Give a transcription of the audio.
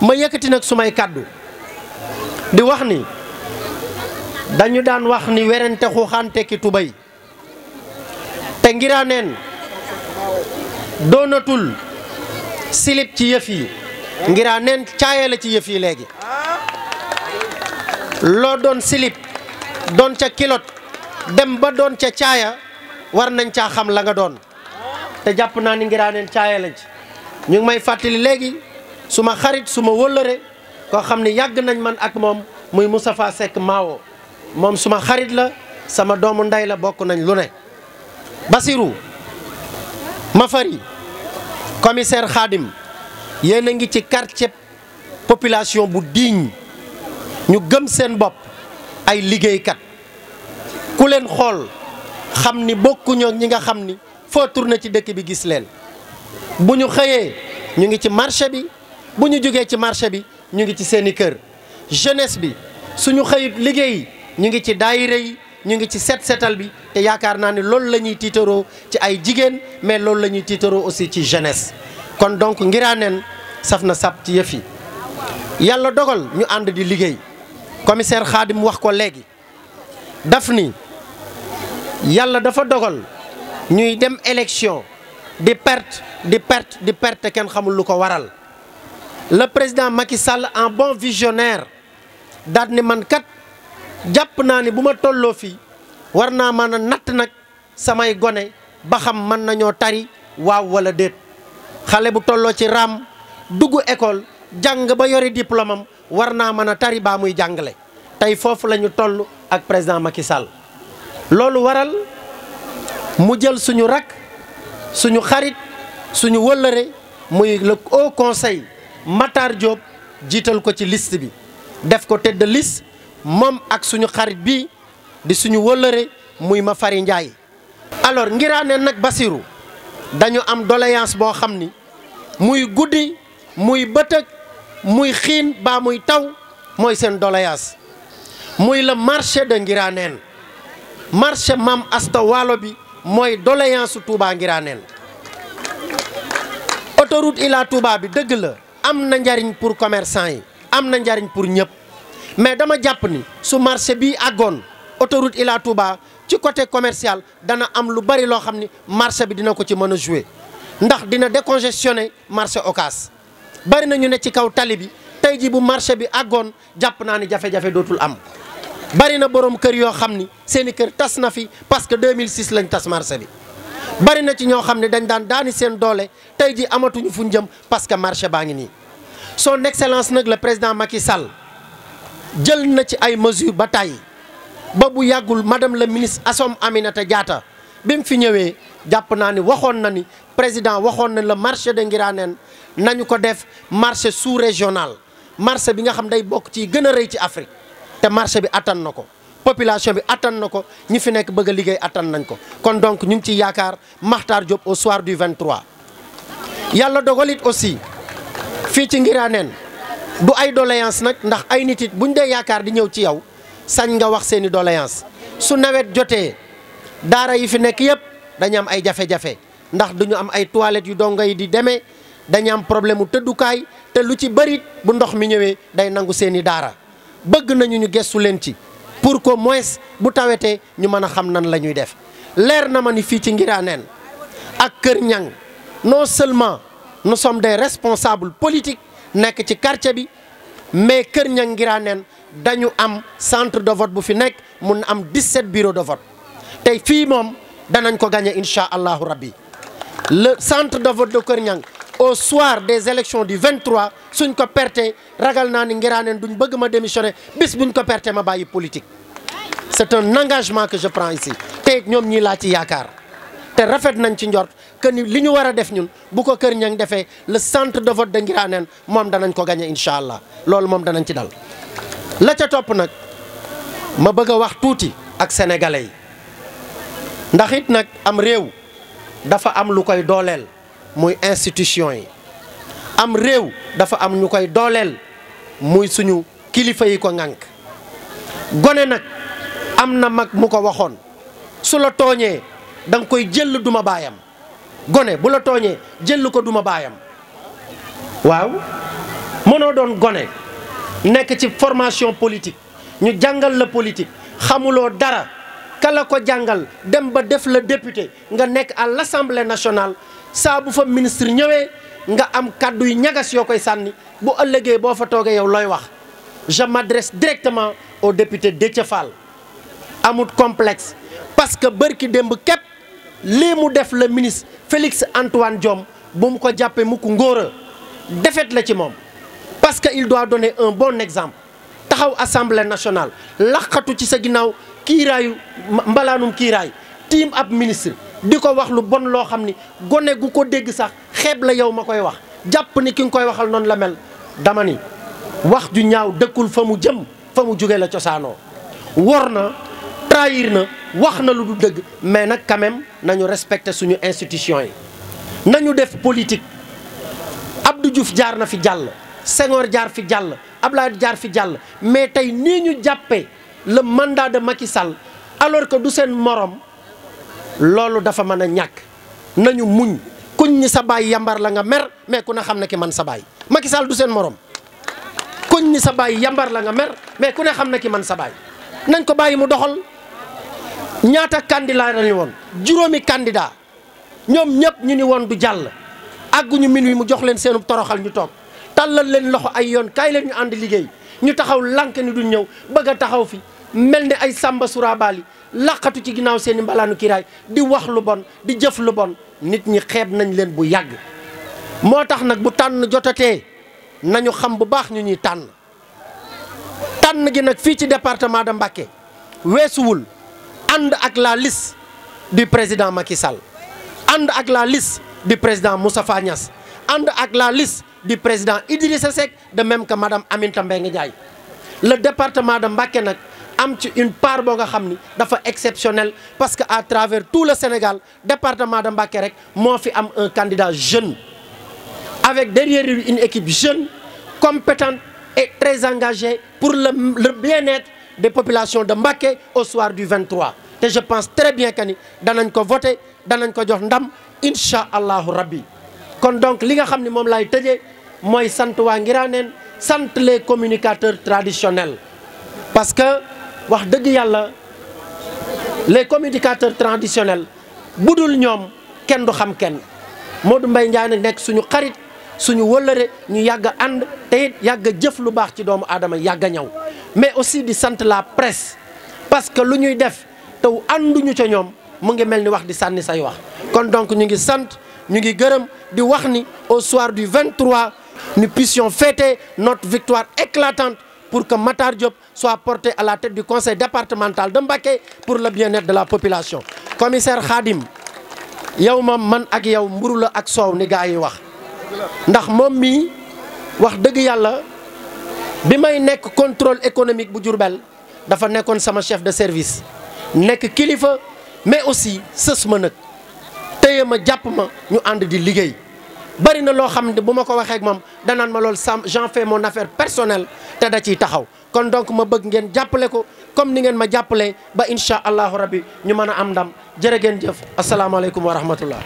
ma yëkkati nag sumay kàddu di wax ni dañu daan wax ni werante xuuxante ki tubay te ngiraaneen doonatul silib ci yëf yi ngiraaneen caaye la ci yëf yi léegi loo doon silib doon ca kilot dem ba doon ca caaya war nañ caa xam la nga doon te jàpp naa ni ngiraaneen caaya lañ ci ñu may fàttali léegi suma xarit suma wëllëre koo xam ne yàgg nañ man ak moom muy Moustapha Seck Mawo moom suma xarit la sama doomu ndey la bokk nañ lu ne Basirou Mafari commissaire Khadim yéen a ngi ci quartier population bu digne ñu gëm seen bopp ay liggéeykat ku leen xool xam ni bokkuñoo ñi nga xam ni foo tourné ci dëkk bi gis leen bu ñu xëyee ñu ngi ci marché bi bu ñu jógee ci marché bi ñu ngi ci seen i kër jeunesse bi suñu xëyut liggéey ñu ngi ci daayira yi ñu ngi ci seet setal bi te yaakaar naa ne loolu la ñuy tiitaroo ci ay jigéen mais loolu la ñuy tiitaroo aussi ci jeunesse kon donc Ngiraneen saf na sab ci yëf yi yàlla dogal ñu ànd di liggéey commissaire Khadim wax ko léegi daf ni yàlla dafa dogal ñuy dem élection di perte di perte di perte kenn xamul lu ko waral la président Macky Sall en bon visionnaire daat ni mankat jàpp naa ni bu ma tolloo fii war naa mën a natt nag samay gone ba xam mën nañoo tari waaw wala déet xale bu tolloo ci raam dugg école jàng ba yore diplôme am war naa mën a tari baa muy jàngale tey foofu la ñu toll ak président Macky Sall loolu waral mu jël suñu rakk suñu xarit suñu wëllëre muy la haut conseil Matar Diop jiital ko ci liste bi def ko tête de liste moom ak suñu xarit bi di suñu wëllëre muy Mafari Ndiaye. alors Ngiraane nag Basirou dañu am doléance boo xam ni muy guddi muy bëtëg muy xiin baa muy taw mooy seen doléance muy le marché de Ngiraaneen marché Maam Asta Waalo bi mooy doléance Touba Ngiraaneen autoroute Ila Touba bi dëgg la. am na njariñ pour commerçant yi am na njariñ pour ñëpp mais dama jàpp ni su marché bii àggoon autoroute Ila Touba ci côté commercial dana am lu bari loo xam ni marché bi dina ko ci mën a jouer ndax dina décongestionner marché ocas bari nañu ne ci kaw tali bi tey jii bu marché bi àggoon jàpp naa ni jafe-jafe dootul am bari na boroom kër yoo xam ni seeni kër tas na fi parce que 2006 lañ tas marché bi. bari na ci ñoo xam ne dañ daan daani seen doole tey ji amatuñu fuñ jëm parce que marché baa ngi nii son excellence nag la président Macky Sall jël na ci ay mesures ba tàyyi ba bu yàggul madame la ministre Assome Aminata Diatta bi mu fi ñëwee jàpp naa ni waxoon na ni président waxoon na la marché de Ngiraneen nañu ko def marché sous régional marché bi nga xam day bokk ci gën a rëy ci Afrique te marché bi attan na ko population bi attan na ko ñi fi nekk bëgg liggéey attan nañ ko kon donc ñu ngi ciy yaakaar Makhtar Diop au soir du 23. yàlla dogal aussi fii ci Ngiraneen du ay doléance nag ndax ay nit it buñ dee yaakaar di ñëw ci yow sañ nga wax seeni doléance su nawet jotee daara yi fi nekk yëpp dañu am ay jafe-jafe ndax duñu am ay toilettes yu dongo yi di demee dañu am problème mu tëddukaay te lu ci bëri bu ndox mi ñëwee day nangu seeni daara bëgg nañu ñu gestu leen ci. pour qu'au moins bu tawetee ñu mën a xam nan la ñuy def leer na ma ni fii ci Ngiraneen ak Kër Ñang non seulement nous sommes des responsables politiques nekk ci quartier bi mais Kër Ñang Ngiraneen dañu am centre de vote bu fi nekk mun na am 17 bureaux de vote tey fii moom danañ ko gagné incha allahu rabbi le centre de vote de Kër Ñang au soir des élections du 23 suñ ko perte ragal naa ni Ngiraneen duñ bëgg ma démissionner bis buñ ko perte ma bàyyi politique. c'est un engagement que je prends ici te ñoom ñii laa ci yaakaar te rafet nañ ci njor que ni li ñu war a def ñun bu ko Kër Niang defee le centre de vote de Ngiraneen moom danañ ko gagné incha allah loolu moom danañ ci dal. la ca topp nag ma bëgg a wax tuuti ak sénégalais yi ndax it nag am réew dafa am lu koy dooleel muy institution yi am réew dafa am ñu koy dooleel muy suñu kilifa yi ko ŋànk gone nag. am na mag mu ko waxoon su la tooñee da nga koy jël duma baayam gone bu la tooñee jël ko duma baayam waaw mënoo doon gone nekk ci formation politique ñu jàngal la politique xamuloo dara kala ko jàngal dem ba def la député nga nekk à l'Assemblée nationale saa bu fa ministre ñëwee nga am kàddu yu ñagas yoo koy sànni bu ëllëgee boo fa toogee yow looy wax je m'adresse directement au député Déthié Fall amut complexe parce que bërki démb képp lii mu def le ministre Félix Antoine Diome bu mu ko jàppee mu ko ngóora défaite la ci moom parce que il doit donner un bon exemple taxaw assemblée nationale laqatu ci sa ginnaaw kiiraayu mbalaanum kiiraay tiim ab ministre di ko wax lu bon loo xam ni gone gu ko dégg sax xeeb la yow ma koy wax jàpp ni ki nga koy waxal noonu la mel dama ni wax ju ñaaw dëkkul fa mu jëm fa mu jóge la cosaanoo wor na trahir na wax na lu du dëgg mais nag quand nañu respecter suñu institution yi nañu def politique Abdou Diouf jaar na fi jàll Senghor jaar fi jàll Abdoulaye jaar fi jàll mais tey nii ñu jàppee le mandat de Macky Sall alors que du seen moroom loolu dafa mën a ñàkk nañu muñ kuñ ni sa baay yambar la nga mer mais ku ne xam na ki man sa baay Macky Sall du seen morom ni sa baay yambar la nga mer mais ku ne xam ne ki man sa nañ ko bàyyi mu doxal ñaata candidat lañu woon juróomi candidat ñoom ñëpp ñu ni woon du jàll àgguñu min wi mu jox leen seenu toroxal ñu toog tàllal leen loxo ay yoon kaay leen ñu ànd liggéey ñu taxaw lànk ni duñ ñëw bëgg a taxaw fi mel ni ay sàmba surabaali làqatu ci ginnaaw seeni mbalaanu kiraay di wax lu bon di jëf lu bon nit ñi xeeb nañ leen bu yàgg moo tax nag bu tànn jotatee nañu xam bu baax ñu ñuy tànn tànn gi nag fii ci département de Mbacké weesuwul ànd ak la liste du président Macky Sall ànd ak la liste du président Moustapha Niass ànd ak la liste du président Idrissa Seck de même que madame Aminata Mbengue Ndiaye le département de Mbacké nag am ci une part bo nga xam ni dafa exceptionnel parce que à travers tout le Sénégal département de Mbacké rek moo fi am un candidat jeune avec derrière lui une équipe jeune compétente et très engagée pour le, le bien-être des populations de Mbacké au soir du te je pense très bien que ni danañ ko voté danañ ko jox ndam incha allahu rabbi kon donc li nga xam ne moom laay tëje mooy sant waa Ngiraaneen sant les communicateurs traditionnels parce que wax dëgg yàlla les communicateurs bu dul ñoom kenn du xam kenn Modou Mbaye Ndiaye nag nekk suñu xarit suñu wëllëre ñu yàgg ànd te it yàgg a jëf lu baax ci doomu aadama yàgg a ñaw mais aussi di sant la presse parce que lu ñuy def taw ànduñu ca ñoom mu ngi mel ni wax di sànni say wax kon donc ñu ngi sant ñu ngi gërëm di wax ni au soir du 23 nous puissions not notre victoire éclatante pour que Matar Diop soit porté à la tête du conseil départemental de Mbacké pour le bien de la population commissaire Khadim yow ma man ak yow mburu la ak soow ni gaa yi wax ndax moom mii wax dëgg yàlla bi may nekk contrôle économique bu Diourbel dafa nekkoon sama chef de service nekk kilifa mais aussi sës ma nag téye ma jàpp ma ñu ànd di liggéey bari na loo xam ne bu ma ko waxee ak moom danaan ma lool sam j'en fais mon affaire personnelle te da ciy taxaw kon donc ma bëgg ngeen jàppale ko comme ni ngeen ma jàppalee ba incha allahu rabbi ñu mën a am ndam jërë ngeen jëf asalaamaaleykum wa rahmatullah